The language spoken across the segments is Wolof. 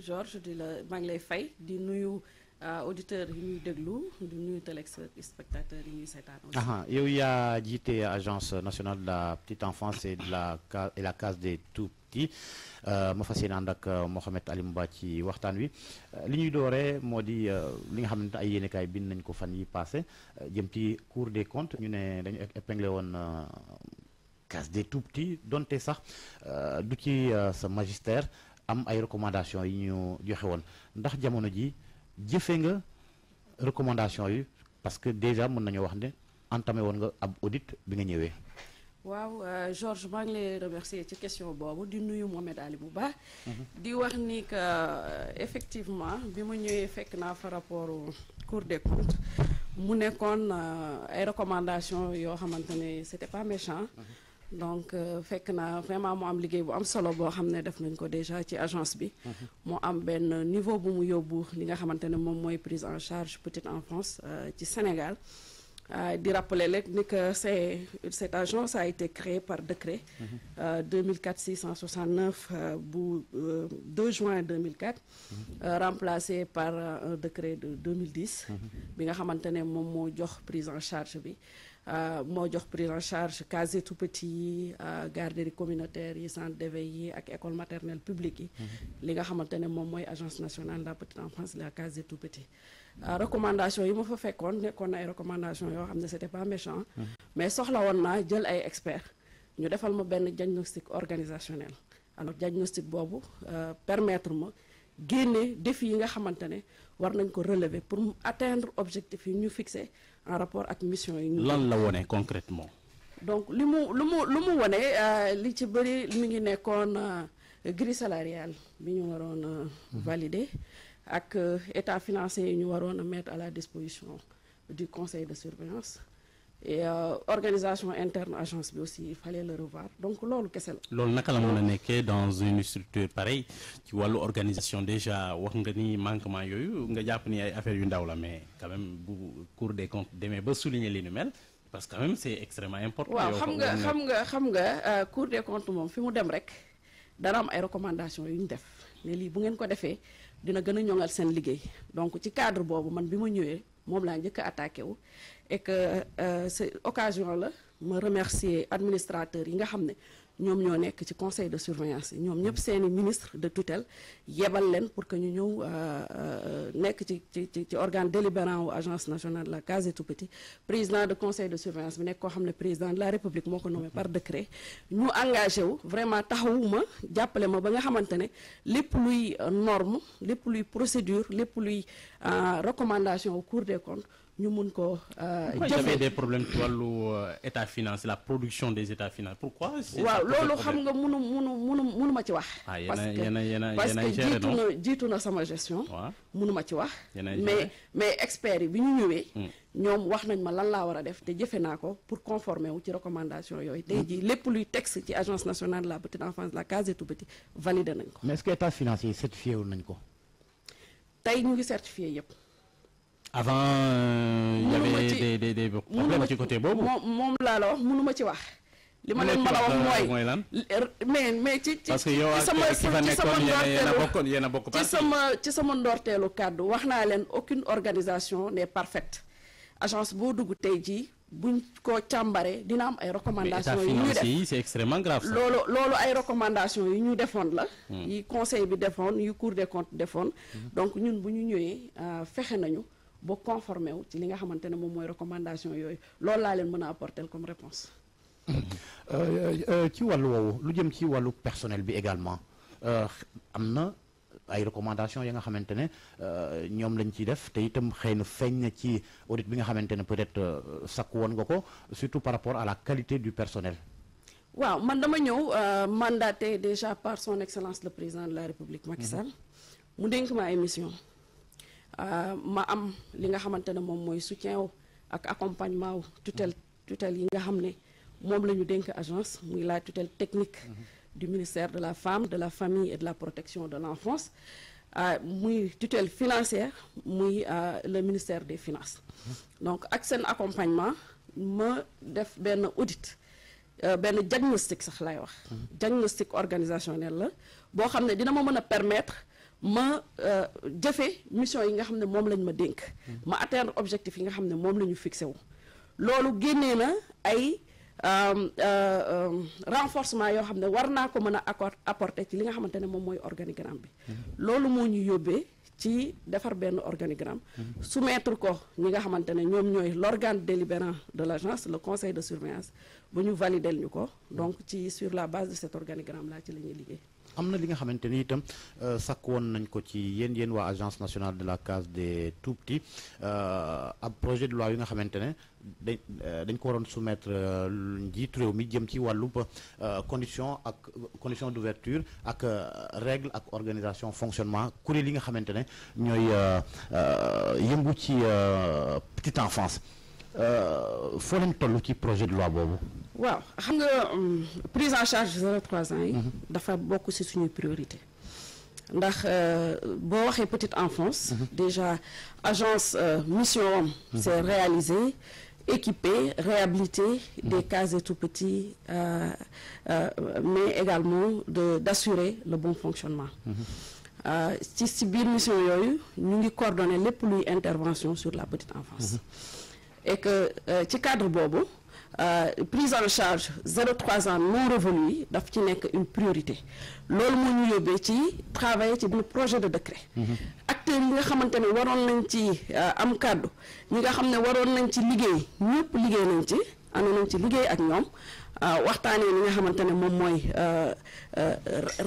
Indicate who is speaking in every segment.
Speaker 1: Georges di la maa ngi lay fay di nuyu euh, auditeurs yi ñuy déglu di nuyu téléspectateurs yi ñuy seetaan.
Speaker 2: yow yaa jiite agence nationale de la petite enfance et de la case et la case des tout petits euh, ma fas yéene ànd ak euh, Mouhamed Alioune Ba ci waxtaan wi li ñuy dooree moo di li nga xamante ay yéenekaay bind nañ ko fan yi passé jëm ci Cour des comptes ñu ne dañu épinglé woon. case des tout petits donte sax du ci sa magistère am ay recommandation yi ñu joxe woon ndax jamono ji jëfe nga recommandation yi parce que déjà mën nañoo wax ne entamé woon nga ab audit bi nga ñëwee
Speaker 1: waaw euh, Georges maa ngi lay remercier ci question boobu di nuyu Mohamed Ali bu baax mhm. di wax ni que euh, effectivement bi mu ñëwee fekk naa fa rapport Cour des comptes mu nekkoon euh, ay recommandation yoo xamante ne c'était pas méchant mhm. donc euh, fekk naa vraiment mu am liggéey bu am solo boo xam ne def nañ ko déjà ci agence bi. moo mhm. am benn niveau bu mu yóbbu li nga xamante ne moom mooy prise en charge petite enfance euh, ci Sénégal. Euh, di rappeler rek ni que c'est cette agence a été créée par décret. 2004 mhm. 669 bu 2 juin 2004. Mhm. remplacé par un décret de 2010. bi nga xamante ne moom moo jox prise en charge bi. Euh, moo jox prise en charge case tout petit euh, garderie communautaire yi centre d'éveil yi ak école maternelle publique yi. Mhm. li nga xamante ne moom mooy agence nationale de la petite enfance la case tout petit. Euh, recommandation yi ma fa fekkoon nekkoon na ay recommandation yoo xam ne c'était pas méchant. Mhm. mais soxla woon naa jël ay experts. ñu defal ma benn diagnostic organisationnel alors diagnostic boobu permettre ma génne défis yi nga xamante ne war nañ ko relever pour mu atteindre objectif yi ñu fixé. en rapport ak mission yi. lan la
Speaker 3: wone concrètement
Speaker 1: donc li mu lu mu lu mu wone euh, li ci bëri mi ngi nekkoon euh, grille salariale bi ñu waroon euh, mhm. valider ak état financier yi ñu waroon a mettre à la disposition du conseil de surveillance. et euh, organisation interne agence bi aussi il fallait revoir donc loolu kese la. loolu naka la mën a nekkee
Speaker 3: dans une structure pareille ci wàllu organisation déjà wax nga ni manquement yooyu nga jàpp ni ay affaires yu ndaw la mais quand même bu Cour des comptes demee ba souligner li nu mel parce que quand même c'est extrêmement important. waaw xam nga xam
Speaker 1: nga xam euh, nga Cour des comptes moom fi mu dem rek dara am ay recommandations yu ñu def ne lii bu ngeen ko defee dina gën a ñoŋal seen liggéey moom laa njëkk a attaqué wu et que euh, c'est occasion la ma remercier administrateurs yi nga xam ne ñoom ñoo nekk ci conseil de surveillance yi ñoom ñëpp seeni ministre de tutelle yebal leen pour que ñu ñëw euh, euh, nekk ci ci ci organe délibérant wu agence nationale de la case des tout président de conseil de surveillance bi nekk koo xam ne président de la république moo ko nommé par décret ñu engagé wu vraiment taxawu ma jàppale ma ba nga xamante ne lépp luy norme lépp luy procédure lépp luy euh, recommandation au cours des ñu mun ko. Euh, jëfee des problèmes
Speaker 3: ci wàllu euh, état finance la production des états finance pourquoi. waaw loolu xam
Speaker 1: nga munu munu munu munu ma ci wax. Ah, parce que parce que jiitu na jiitu na sama gestion. munu ma ci wax. mais mais experts yi bi ñu ñëwee. Hmm. ñoom wax nañ ma lan laa war a def te jëfe naa ko pour conformer wu ci recommandation yooyu tey hmm. jii lépp luy texte ci agence nationale la petite enfance la case des tout-petits validé nañ ko.
Speaker 2: mais est-ce que état nañ ko.
Speaker 1: tey ñu ngi certifié yëpp.
Speaker 2: avant
Speaker 3: il euh, de avait des des problèmes ci côté boobu.
Speaker 1: moom laa la wax mënu ma ci wax. li ma leen mën a wax mooy mais mais ci yow ak ki fa nekkoon yéen a bokkoon
Speaker 3: yéen a ci
Speaker 1: sama ci ndorteelu kàddu wax naa leen aucune organisation n'est parfaite agence boo dugg tey jii buñ ko càmbaree dina am ay recommandations yu ñu def
Speaker 3: c'est extrêmement loolu
Speaker 1: ay recommandations yu ñu defoon la hmm. yi conseil bi defoon yu cour des comptes defoon hmm. donc ñun bu ñu ñëwee euh, fexe nañu boo conformé wu ci li nga xamante ne moom mooy recommandation yooyu loolu laa leen mën a apporter comme réponse
Speaker 2: euh, euh, euh, ci wàllu woowu lu jëm ci wàllu personnel bi également am na ay recommandations yi nga xamante ne ñoom lañ ciy def te itam xëy na feeñ na ci audit bi nga xamante ne peut-être sakku woon nga ko surtout par rapport à la qualité du personnel.
Speaker 1: waaw man dama ñëw mandaté déjà par son excellence le président de la république Macky Sall mm-hmm. mu dénk ma ay ma am li nga xamante ne moom mooy soutien wu ak accompagnement wu tutelle tutelle yi nga xam ne moom la ñu dénk agence muy la tutelle technique mhm. du ministère de la femme de la famille et de la protection de l'enfance euh, muy tutelle financière muy euh, le ministère des finance mhm. donc ak seen accompagnement ma def benn audit euh, benn diagnostic sax lay wax mhm. diagnostic organisationnel la boo xam ne dina ma mën a permettre ma euh, jëfe mission yi nga xam ne moom lañ ma dénk ma atteindre objectif yi nga xam ne moom la ñu fixé wu loolu génnee na ay euh, euh, renforcement yoo xam ne war naa ko mën a accord apporter ci li nga xamante ne moom mooy organigramme bi mm-hmm. loolu moo ñu yóbbee ci defar benn organigramme mm-hmm. soumettre ko ñi nga xamante ne ñoom ñooy l'organe délibérant de l'agence le conseil de surveillance bu ñu valider ñu ko mm-hmm. donc ci sur la base de cet organigramme là ci la ñuy liggéey
Speaker 2: am na li nga xamante ni itam euh, sàkk woon nañ ko ci yéen yéen waa agence nationale de la case des tout petits euh, ab projet de loi yi nga xamante ne dañ euh, dañ ko waroon soumettre njiitu réew mi jëm ci wàllub condition ak condition d'ouverture ak règle ak organisation fonctionnement kuréel li nga xamante ne ñooy yëngu ci petite enfance foo leen toll ci projet de loi boobu
Speaker 1: waaw xam nga prise en charge zéro trois ans yi. Mhm. dafa bokk ci suñu priorité ndax euh, boo waxee petite enfance. Mhm. déjà agence euh, mission am. Mhm. c'est réaliser équiper réhabiliter des cases de tout petits euh, mais également de d'assurer le bon fonctionnement. ci ci biir mission yooyu ñu ngi coordonner lépp luy intervention sur la petite enfance. et que ci cadre boobu. Euh, prise en charge 0-3 ans non revenu yi daf ci nekk une priorité loolu moo ñu yóbbee ci travailler ci benn projet de décret. Mhm. acteurs yi nga xamante ne waroon nañ ci euh, am kàddu ñi nga xam ne waroon nañ ci liggéey ñëpp liggéey nañ ci ànd nañ ci liggéey ak ñoom euh, waxtaanee li nga xamante ne moom mooy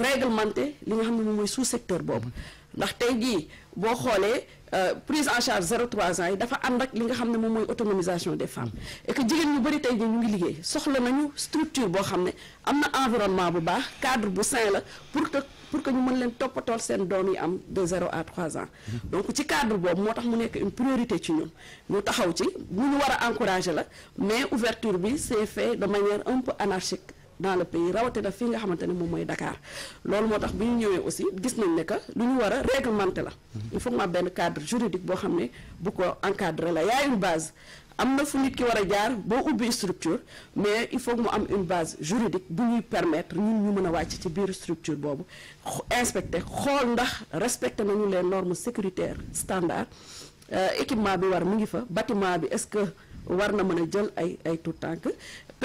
Speaker 1: réglementer li nga xam ne moom mooy sous secteur boobu mhm. ndax tey jii boo xoolee. Euh, prise en charge 0-3 ans yi dafa ànd ak li nga xam ne moom mooy autonomisation des femmes et que jigéen ñu bëri tey ñu ngi liggéey soxla nañu structure boo xam ne am na environnement bu baax cadre bu sain la pour que pour que ñu mën leen toppatool seen doom yi am de 0 à 3 ans. Mm-hmm. donc ci cadre boobu moo tax mu nekk une priorité ci ñun ñu taxaw ci mu ñu war a encourager la mais ouverture bi c'est fait de manière un peu anarchique. dans le pays rawatina fi nga xamante ne moom mooy Dakar loolu moo tax bi ñu ñëwee aussi gis nañ ne que lu ñu war a réglementé la. Mhm. il faut que benn cadre juridique boo xam ne bu ko encadré la yaa une base. am na fu nit ki war a jaar boo ubbi structure mais il faut mu am une base juridique bu ñuy permettre ñun ñu mën a wàcc ci biir structure boobu inspecter xool ndax respecté nañu les normes sécuritaires standard euh, équipement bi war mu ngi fa batiment bi est-ce que war na mën a jël ay ay tout tànk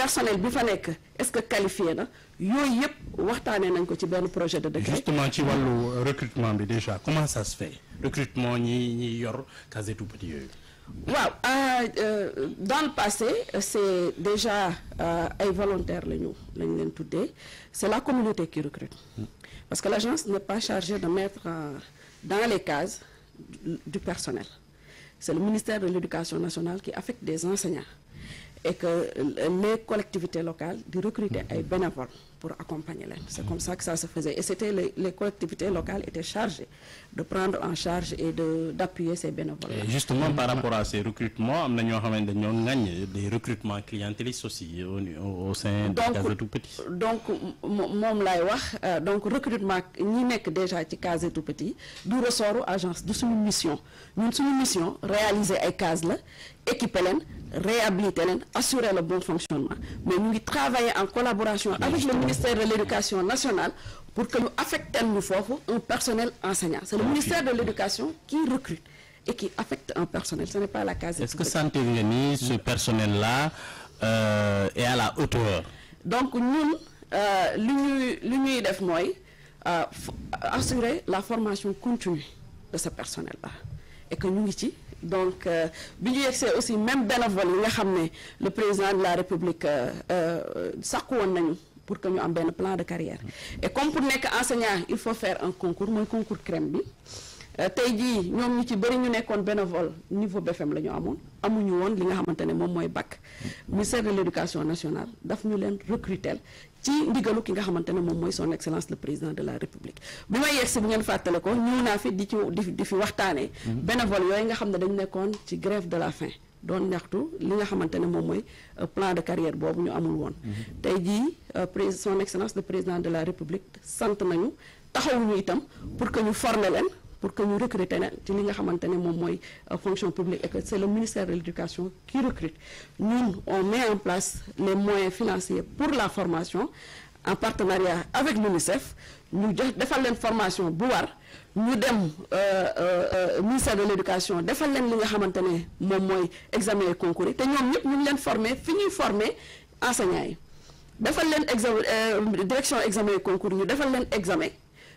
Speaker 1: personnel bi fa nekk est-ce que qualifié na yooyu yëpp waxtaanee nañ ko ci benn projet de décret. justement ci wàllu
Speaker 3: recrutement bi déjà comment ça se fait recrutement ñi ñi yor case tout petit yooyu.
Speaker 1: waaw euh, euh, dans le passé c'est déjà euh, ay volontaires la ñu la ñu leen tuddee c'est la communauté qui recrute hmm. parce que l'agence n'est pas chargée de mettre dans les cases du personnel c'est le ministère de l'éducation nationale ki affecte des enseignants. et que les collectivités locales di recruter ay bénévoles pour accompagner leen c'est comme ça que ça se faisait et c'était les, les collectivités locales étaient chargées de prendre en charge et de d'appuyer ces bénévoles et justement par rapport
Speaker 3: à ces recrutements am na ñoo xamante ne ñoo ŋaññ de Case des tout
Speaker 1: donc moom laay wax euh, donc recrutement ñi nekk déjà ci Case des Tout-Petits du ressortu agence du suñu mission ñun suñu mission réaliser ay cases la équiper leen réhabiliter leen assurer le bon fonctionnement mais ñu ngi travailler en collaboration ministère de l'éducation nationale pour que ñu affectel ñu foofu un personnel enseignant c'est le ministère de l'éducation qui recrute et qui affecte un personnel ce n'est pas la case est-ce que sentir euh, euh, li ñuy li ñuy def mooy euh, assurer la formation continue de ce personnel là et ñu ngi ci donc bi ñu yegsee aussi même bénévole li nga xam ne le président de la république sàkku woon nañu pour que ñu am benn plan de carrière et comme pour nekk enseignant il faut faire un concours mooy concours crème bi euh, tey jii ñoom ñu ci bëri ñu nekkoon bénévole niveau BFM la ñu amoon amuñu woon li nga xamante ne moom mooy bac ministère de l' éducation nationale daf ñu leen recruter ci ndigalu ki nga xamante ne moom mooy son excellence le président de la république bi may yegg si bu ngeen fàttale ko ñëw naa fi di ci di fi waxtaanee mhm. bénévole yooyu nga xam ne dañu nekkoon ci grève de la faim doon ñaxtu li nga xamante ne moom mooy euh, plan de carrière boobu ñu amul woon mm-hmm. tey jii euh, prés son excellence de président de la république sant nañu taxawuñu itam pour que ñu forme leen pour que ñu recruter leen ci li nga xamante ne moom mooy euh, fonction publique et que c'est le ministère de l'éducation qui recrute ñun on met en place les moyens financiers pour la formation en partenariat avec l'UNICEF ñu jox defal leen formation bu war ñu dem euh, euh, euh, ministère de l'éducation defal leen li nga xamante ne moom mooy examen yi concours yi te ñoom ñëpp ñu leen formé fi ñuy formé enseignants yi defal leen examen direction examen yi concours ñu defal leen examen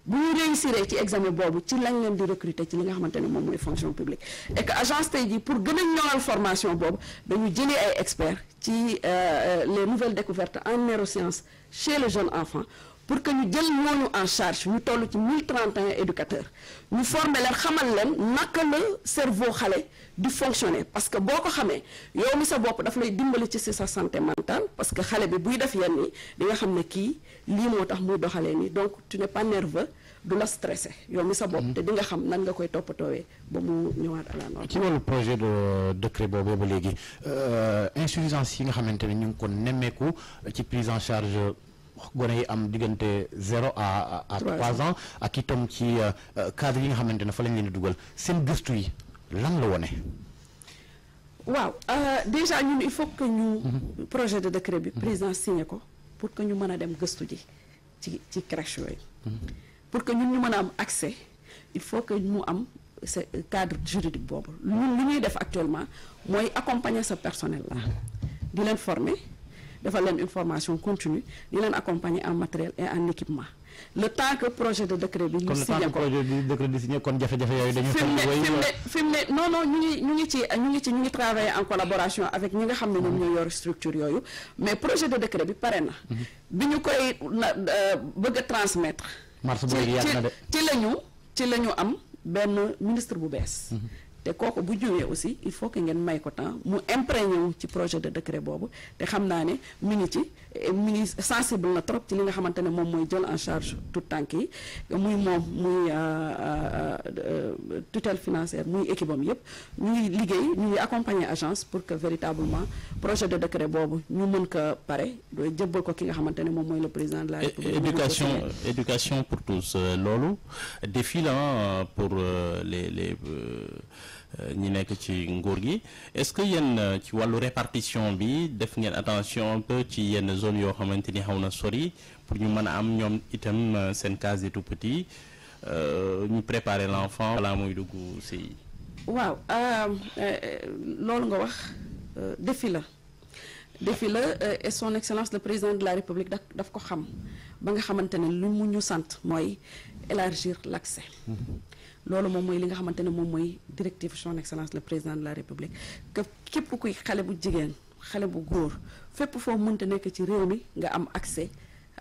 Speaker 1: bu ñu réussir ci examen boobu ci lañ leen di recruter ci li nga xamante ni moom mooy fonction publique et que agence tey jii pour gën a ñoŋal formation boobu dañu jëlee ay experts ci euh, euh, les nouvelles découvertes en neurosciences chez le jeune enfant pour que ñu jël ñooñu en charge ñu toll ci 1031 éducateurs ñu former leen xamal leen naka la cerveau xale di fonctionner parce que boo ko xamee yow mi sa bopp dafa lay dimbali ci sa santé mentale parce que xale bi buy def yenn yi di nga xam ne kii lii moo tax muy doxalee nii donc tu n'es pas nerveux du la stressé yow mi sa bopp. Mm-hmm. te di nga xam nan nga koy toppatoowee ba mu ñëwaat à la ci
Speaker 2: wàllu projet de euh, décret boobu ba léegi euh, insuffisance yi nga xamante ne ñu ngi ko nemmeeku ci prise en gone yi am diggante zéro à à trois ans ak itam ci euh, euh, cadre yi nga xamante ne fa lañ leen di dugal seen gëstu yi lan la wone
Speaker 1: waaw euh, déjà ñun il faut que ñu mhm. projet de décret bi mhm. président signé ko pour que ñu mën a dem gëstu ji ci ci crèche yooyu mhm. pour que ñun ñu mën a am accès il faut que mu am ce cadre juridique boobu ñun lu ñuy def actuellement mooy accompagner sa personnel là di leen former defal leen information continue di leen accompagner en matériel et en équipement le temps que projet de décret bi. ñu signé ko
Speaker 2: projet kon jafe-jafe yooyu. dañu fi ne
Speaker 1: fi ne non ñu ngi ñu ngi ci ñu ngi ci ñu ngi en collaboration avec ñi nga xam ne ñoom ñoo yor structure yooyu mais projet de décret bi pare na. Mhm. bi ñu koy euh, bëgg a transmettre. mars boobu yàgg na de ci ci la ñu ci la ñu am benn ministre bu bees. Mhm. te kooku bu jógee aussi il faut que ngeen may ko temps mu imprégné ci projet de décret boobu te xam naa ne mu ngi ci mi ngi sensible na trop ci li nga xamante ne moom mooy jël en charge tout tànk yi muy moom muy euh, euh, euh, tutelle financière muy équipe am yëpp ñu ngi liggéey ñu ngi accompagner agence pour que véritablement projet de décret boobu ñu mën ko pare dooy jëbbal ko ki nga xamante ne moom mooy le président de la république
Speaker 3: éducation pour tous loolu défi la pour les les ñi nekk ci nguur gi est-ce que yéen euh, ci wàllu répartition bi def ngeen attention ci yenn zone yoo xamante ni xaw na sori pour ñu mën a am ñoom itam euh, seen case des tout-petits euh, ñu préparer l'enfant balaa muy dugg si.
Speaker 1: waaw loolu nga wax défi la défi la et son excellence le président de la république daf ko xam ba nga xamante ne lu mu ñu sant mooy élargir l'accès. Mm-hmm. loolu moom mooy li nga xamante ne moom mooy directive son excellence le président de la république que ku kuy xale bu jigéen xale bu góor fépp foo mënta nekk ci réew mi nga am accès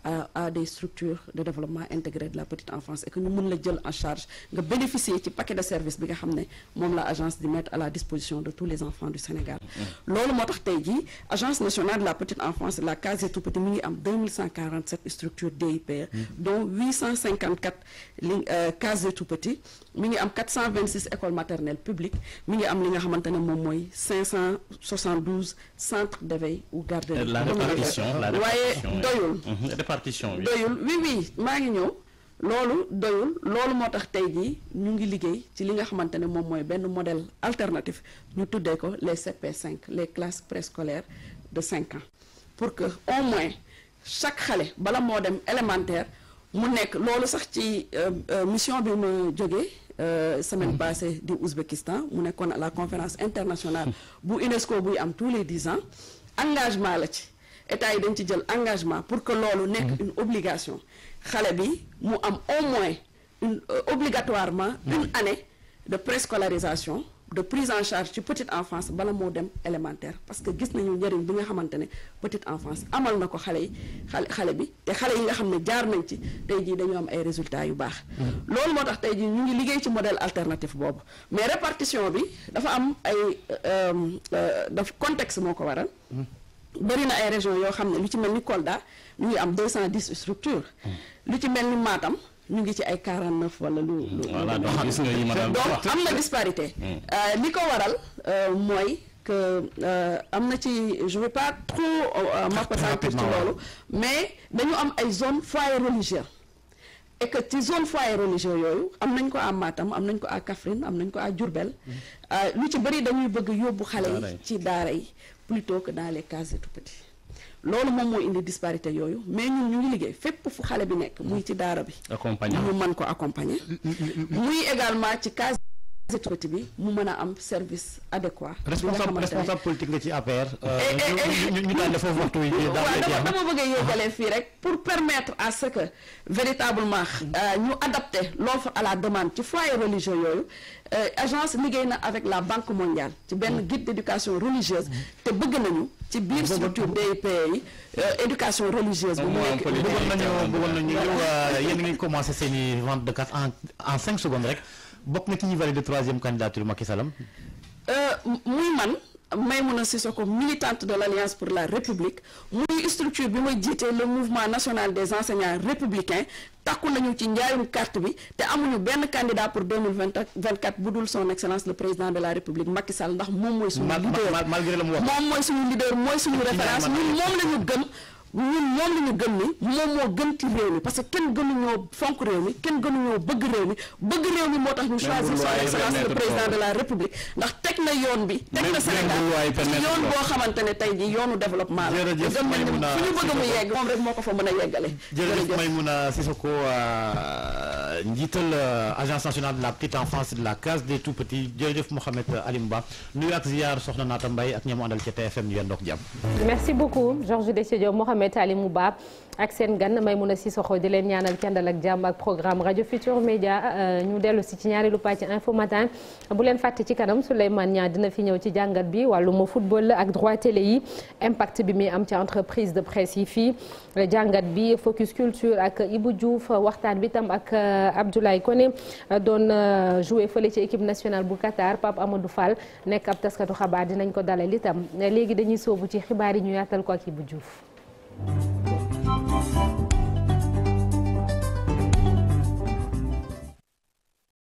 Speaker 1: à, à des structures de développement intégré de la petite enfance et que ñu mën la jël en charge nga bénéficier ci paquet de service bi nga xam ne moom la agence di mettre à la disposition de tous les enfants du Sénégal mmh. loolu moo tax tey ji agence nationale de la petite enfance la case tout petit mi ngi am 2147 structures DIPE mmh. dont 854 li case tout petit mi ngi am 426 écoles maternelles publiques mi ngi am li nga xamante ne moom mooy 572 centres de veille ou garderie. la répartition la répartition waaye doyul.
Speaker 3: Mhm, répartition doyul
Speaker 1: oui oui maa ngi ñëw. loolu doyul loolu moo tax tey jii ñu ngi liggéey ci li nga xamante ne moom mooy benn modèle alternatif ñu tuddee ko les CP5 les classes préscolaires de cinq ans pour que au moins chaque xale bala moo dem élémentaire mu nekk loolu sax ci euh, euh, mission bi ma jógee Euh, semaine passée di Ouzbékistan mu nekkoon la conférence internationale bu UNESCO buy am tous les dix ans engagement la ci état yi dañ ci jël engagement pour que loolu nekk mhm. une obligation xale bi mu am au moins une euh, obligatoirement une année de préscolarisation de prise en charge ci petite enfance bala moo dem élémentaire parce que gis nañu njëriñ bi nga xamante ne petite enfance amal na ko xale yi xale xale bi te xale yi nga xam ne jaar nañ ci tey jii dañu am ay résultat yu baax. Mm-hmm. loolu moo tax tey jii ñu ngi liggéey ci modèle alternatif boobu mais répartition bi dafa am ay euh, euh, daf contexte moo ko waral. Mm-hmm. bëri na ay régions yoo xam ne lu ci mel ni Kolda ñu ngi am deux 210 structures. Mm-hmm. lu ci mel ni Matam. ñu ngi ci ay 49 wala lu lu. voilà donc gis nga yi ma daan donc am na disparité. Mm. Euh, li ko waral euh, mooy. que euh, am na ci je veux pas trop m'appesantir ci loolu mais dañu am ay zone foyer religieux et que ci zone foyer religieux yooyu am nañ ko à Matam am nañ ko à Kaffrine am nañ ko à Diourbel mm. lu ci bëri dañuy bëgg yóbbu xale yi ci daara yi plutôt que dans les cases de tout petit loolu moom moo indi disparité yooyu mais ñun ñu ngi liggéey fépp fu xale bi nekk muy ci daara bi. accompagner ñu mën ko accompagner. muy également ci cas. sécurité bi mu mën a am service adéquat. responsable responsable
Speaker 2: politique nga ci APR. Euh, eh, eh, ñu ñu daal foofu waxtu yi dama
Speaker 1: bëgg a fii rek pour permettre à ce que véritablement euh, ñu adapter l'offre à la demande ci foyer religieux yooyu euh, agence liggéey na avec la banque mondiale ci benn mm. guide d'éducation religieuse mm. te bëgg nañu ci biir structure DIP yi éducation religieuse bu mu nekk bëggoon nañu bëggoon nañu yéen
Speaker 2: ngi commencé seen i vente de en en cinq secondes rek bokk na ci ñuy valider troisième candidature Macky Sall euh,
Speaker 1: muy man Maïmouna Sissoko militante de l'Alliance pour la République muy structure bi may jiite le mouvement national des enseignants républicains takku nañu ci njaayum carte bi te amuñu benn candidat pour 2024 bu dul son excellence le président de la république Macky ndax moom mooy suñu leader mooy suñu référence moom la gëm ñun moom la ñu gën ni moom moo gën ci réew mi parce que kenn gënuñoo fonk réew mi kenn gënuñoo bëgg réew mi bëgg réew mi moo tax ñu choisir son excellence le de la république ndax teg na yoon bi teg na Sénégal ci yoon boo xamante ne tey ji yoonu développement la gëm nañ ne fu ñu bëgg mu yegg moom rek moo a yeggale
Speaker 2: jërëjëf Maïmouna Sissoko euh, njiital euh, agence nationale de la petite enfance de la case des tout petits jërëjëf Mouhamed Alim Ba nuyu ak ziar soxna Naata Mbaye ak ñamu àndal ci TFM ñu yendook jàmm
Speaker 1: merci beaucoup Georges Mohamed Ali Mouba ak seen gan Maimouna Sissokho di leen ñaanal kendal ak jàmm ak programme rajo Futur Média euh, ñu dellu si ci ñaareelu pàcc info matin bu leen fàtte ci kanam Souleymane Niang dina fi ñëw ci jàngat bi wàllum football ak droit télé yi impact bi muy am ci entreprise de presse yi fii jàngat bi focus culture ak Ibou Diouf waxtaan bi tam ak euh, Abdoulaye Koné euh, doon joué fële ci équipe nationale bu Qatar Pape Amadou Fall nekk ab taskatu xabaar dinañ ko dalal itam léegi dañuy soobu ci xibaar yi ñu yaatal ko ak Ibou
Speaker 3: Thank you.